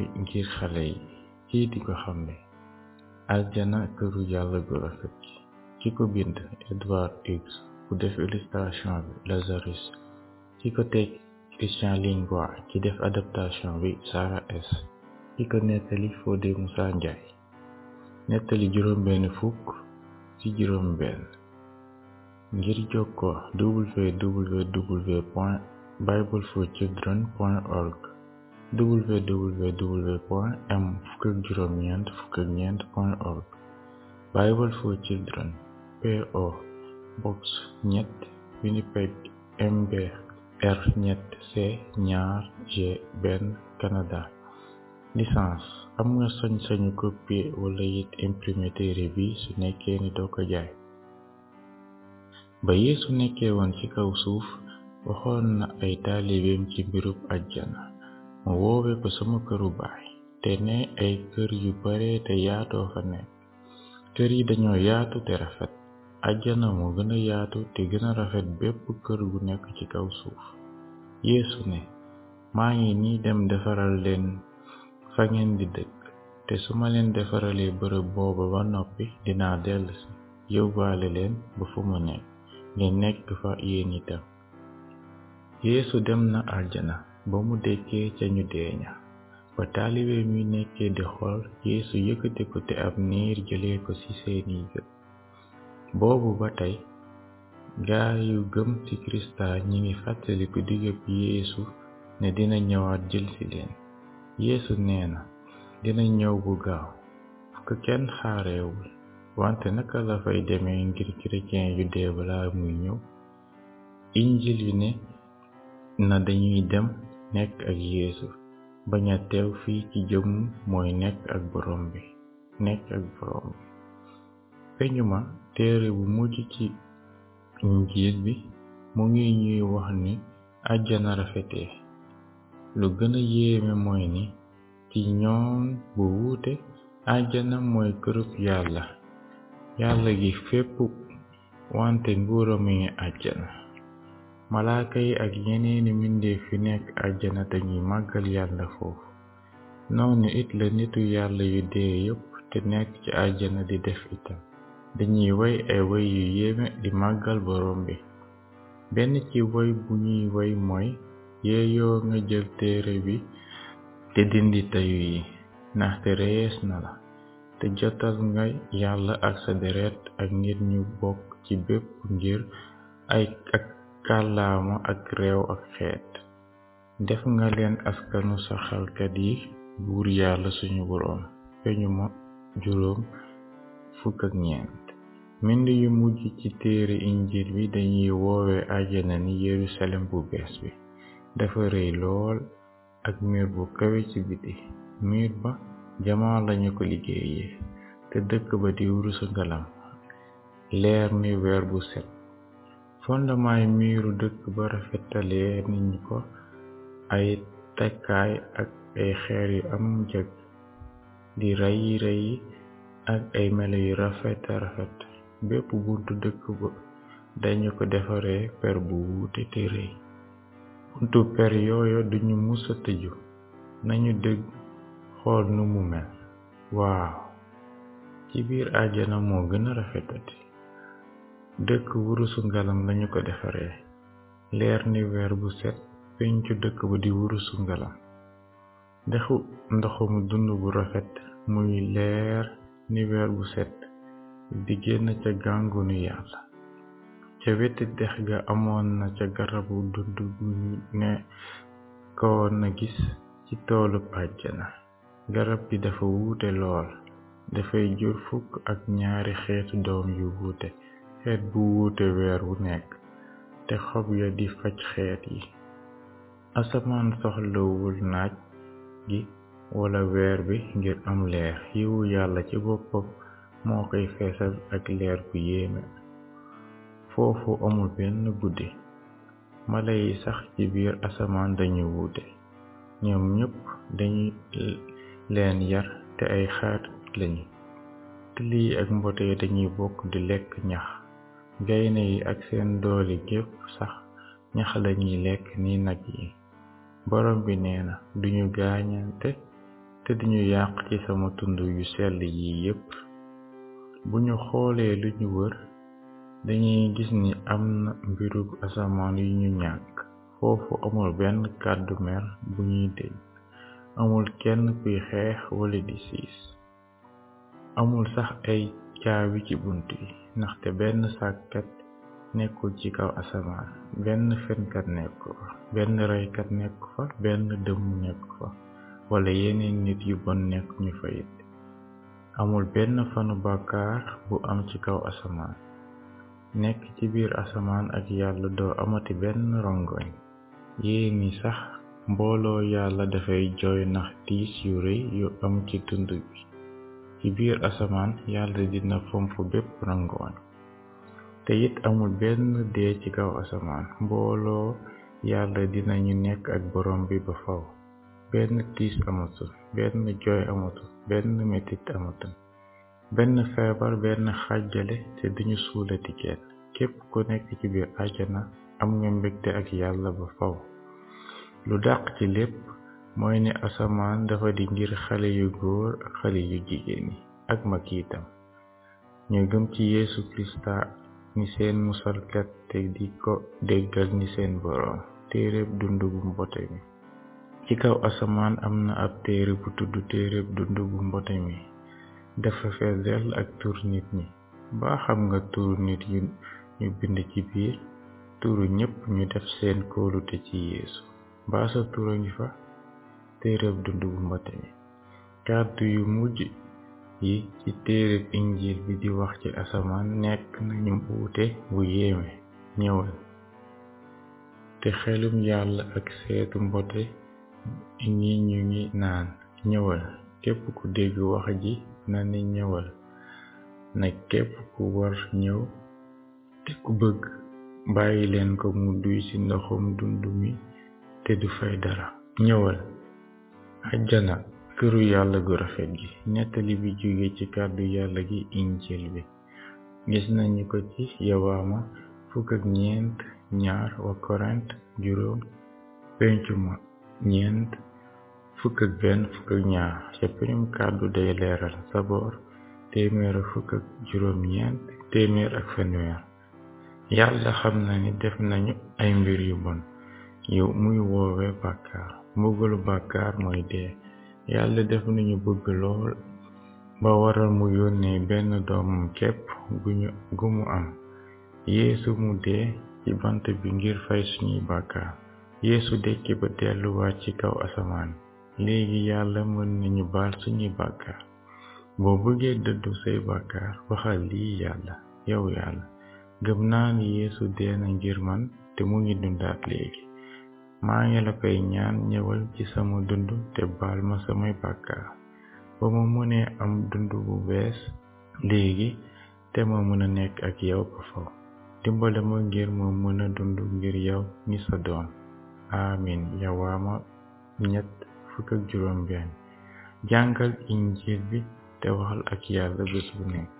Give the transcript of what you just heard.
bi ngir xale yi kii di ko xamle aljana këru yàlla gu rafet ki ko bind Edward Hughes ku def illustration bi Lazarus ki ko teg Christian Lingua ki def adaptation bi Sarah S ki ko nettali Fodé Moussa Ndiaye nettali juróom benn fukk ci juróom benn ngir jokkoo www point bibleforchildren point org www.m194.org Bible for Children P.O. Box 3 Winnipeg sañ-sañu copier bi su nekkee ni ko jaay ba Yeesu nekkee woon ci kaw suuf waxoon na ay taalibeem ci mbirub àjjana woowe ko sama këru baay te ne ay kër yu bare te yaatoo fa nekk kër yi dañoo yaatu te rafet ajjana moo gën a yaatu te gën a rafet bépp kër gu nekk ci kaw suuf yeesu ne maa ngi nii dem defaral leen fa ngeen di dëkk te su ma leen defaralee bërëb booba ba noppi dinaa dellusi yóbbaale leen ba fu ma nekk ngeen nekk fa yéen itam yeesu dem na ajjana ba mu dekkee ca ñu dee ña ba taalibe mi nekkee di xool yeesu yëkkati ko te ab niir jëlee ko ci seeni bët boobu ba tey gaa yu gëm ci kirista ñi ngi fàttaliku digëb yéesu ne dina ñëwaat jëlsi leen yeesu dina ñëw bu gaaw fu kenn xaareewul wante naka la fay demee ngir chrétien yu dee balaa muy ñëw injil yi ne na dañuy dem nekk ak yeesu bañ teew fii ci jëmm mooy nekk ak borom bi nekk ak borom bi peñuma téere bu mujj ci njiit bi mu ngi ñuy wax ni àjjana rafete lu gën a yéeme mooy ni ci ñoon bu wuute àjjana mooy kërub yàlla yàlla gi fépp wante nguuram mi ngi àjjana malaaka yi ak yeneeni mbindeef yu nekk àjjana dañuy màggal yàlla foofu noonu it la nitu yàlla yu dee yépp te nekk ci àjjana di def itam dañuy woy ay woy yu yéeme di màggal borom bi benn ci woy bu ñuy woy mooy yeeyoo nga jël téere bi te dindi tayu yi ndaxte reyees na la te jotal nga yàlla ak sa deret ak ngir ñu bokk ci bépp ngir ay ak kàllaama ak réew ak xeet def nga leen askanu saxalkat yi buur yàlla suñu boroom peñu ma juróom fukk ak ñeent mbind yu mujj ci téere injil bi dañuy woowe àjjana ni yerusalem bu bees bi dafa rëy lool ak miir bu kawe ci biti miir ba jamaa lañu ko liggéeyee te dëkk ba di wuru sa ngalam leer ni weer bu set fondamaay miiru dëkk ba rafetalee nañu ko ay takkaay ak ay xeer yu am jag di rayi rayi ak ay melo yu rafeta rafet bépp buntu dëkk ba dañu ko defaree per bu wuute te rëy buntu per yooyo duñu musa tëju nañu dégg xool nu mu mel waaw ci biir àjjana moo gën a rafetati dëkk wurusu ngalam lañu ko defaree leer ni weer bu set pencu dëkk ba di wurusu ngalam dexu ndoxum dund bu rafet muy leer ni weer bu set di génn ca gàngunu yàlla ca weti dex ga amoon na ca garabu dund bu ñu ne na gis ci toolub àjjana garab gi dafa wuute lool dafay jur fukk ak ñaari xeetu doom yu wuute xeet bu wuute weer wu nekk te xob ya di faj xeet yi asamaan soxlawul naaj gi wala weer bi ngir am leer yiwu yàlla ci boppam moo koy feesal ak leer bu yéeme foofu amul benn guddi mala yi sax ci biir asamaan dañu wuute ñoom ñépp dañu leen yar te ay xaat lañu till yi ak mbote dañuy bokk di lekk ñax gaynde yi ak seen doole gépp sax ñax lañuy lekk ni nag yi borom bi neena duñu gaañante te duñu yàq ci sama tund yu sell yi yépp bu ñu xoolee lu ñu wër dañuy gis ni am na mbiru asamaan yu ñu ñàkk foofu amul benn kàddu mer bu ñuy dégg amul kenn kuy xeex wala di siis amul sax ay caabi ci bunt yi ndaxte benn sàkkat nekkul ci kaw asamaan benn fenkat nekk fa benn reykat nekk fa benn dëmm nekk fa wala yeneen nit yu bon nekk ñu fa amul benn fanu bàkkaar bu am ci kaw asamaan nekk ci biir asamaan ak yàlla doo amati benn rongoñ yée ni sax mbooloo yàlla dafay jooy ndax tiis yu rëy yu am ci tund bi ci biir asamaan yàlla dina fomp bépp rangooñ te amul benn dee ci kaw asamaan mbooloo yàlla dinañu nekk ak borom bi ba faw benn tiis amatu benn jooy amatul benn metit amatul benn feebar benn xàjjale te duñu suulati kenn képp ku nekk ci biir àjjana am nga mbégte ak yàlla ba faw lu dàq ci lépp mooy ne asamaan dafa di ngir xale yu góor ak xale yu jigéen yi ak mag itam ñu gëm ci yéesu Kirista ni seen musalkat te di ko déggal ni seen boroom téereb dund bu mbote mi ci kaw asamaan am na ab téere bu tudd téereb dund bu mbote mi dafa fees dell ak tur nit ñi ba xam nga turu nit ñu bind ci biir tur ñépp ñu def seen kóolute ci Yeesu mbaa sa tur a ngi fa téereb dund bu mbote mi kàddu yu mujj yi ci téereb injil bi di wax ci asamaan nekk nañu wuute bu yéeme ñëwal te xelum yàlla ak seetu mbote ñi ñu ngi naan ñëwal képp ku dégg wax ji na ni ñëwal na képp ku war ñëw te ku bëgg bàyyi leen ko mu duy ci ndoxum dund mi te du fay dara ñëwal ajjana këru yàlla gu rafet gi nettali bi jóge ci kàddu yàlla gi injil bi gis nañu ko ci yawaama fukk ak ñeent ñaar wa korent juróom pencu ñeent fukk ak benn fukk ak ñaar ca prim kàddu day leeral saboor téeméer ak fukk yàlla xam na ni def nañu ay mbir yu bon yu muy woowe bàkkaar mbugalu bàkkaar mooy dee yàlla def nañu bëgg lool ba waral mu yónnee benn doomam képp guñu gu mu am yeesu mu dee ci bant bi ngir fay suñuy bàkkaar yéesu dekki ba delluwaat ci kaw asamaan léegi yàlla mën nañu baal suñuy bàkkaar boo bëggee dëddu say bàkkaar waxal lii yàlla yow yàlla gëm naa ni yeesu dee na ngir man te mu ngi dundaat léegi maa ngi la koy ñaan ñëwal ci sama dund te baal ma samay bàkkaar ba ma mënee am dund bu bees léegi te ma mën nekk ak yow ba faw dimbale ma ngir ma mën dund ngir yow ni sa doom amin yawaama ñett fukk ak juróom benn jàngal injil bi te waxal ak yàlla bés bu nekk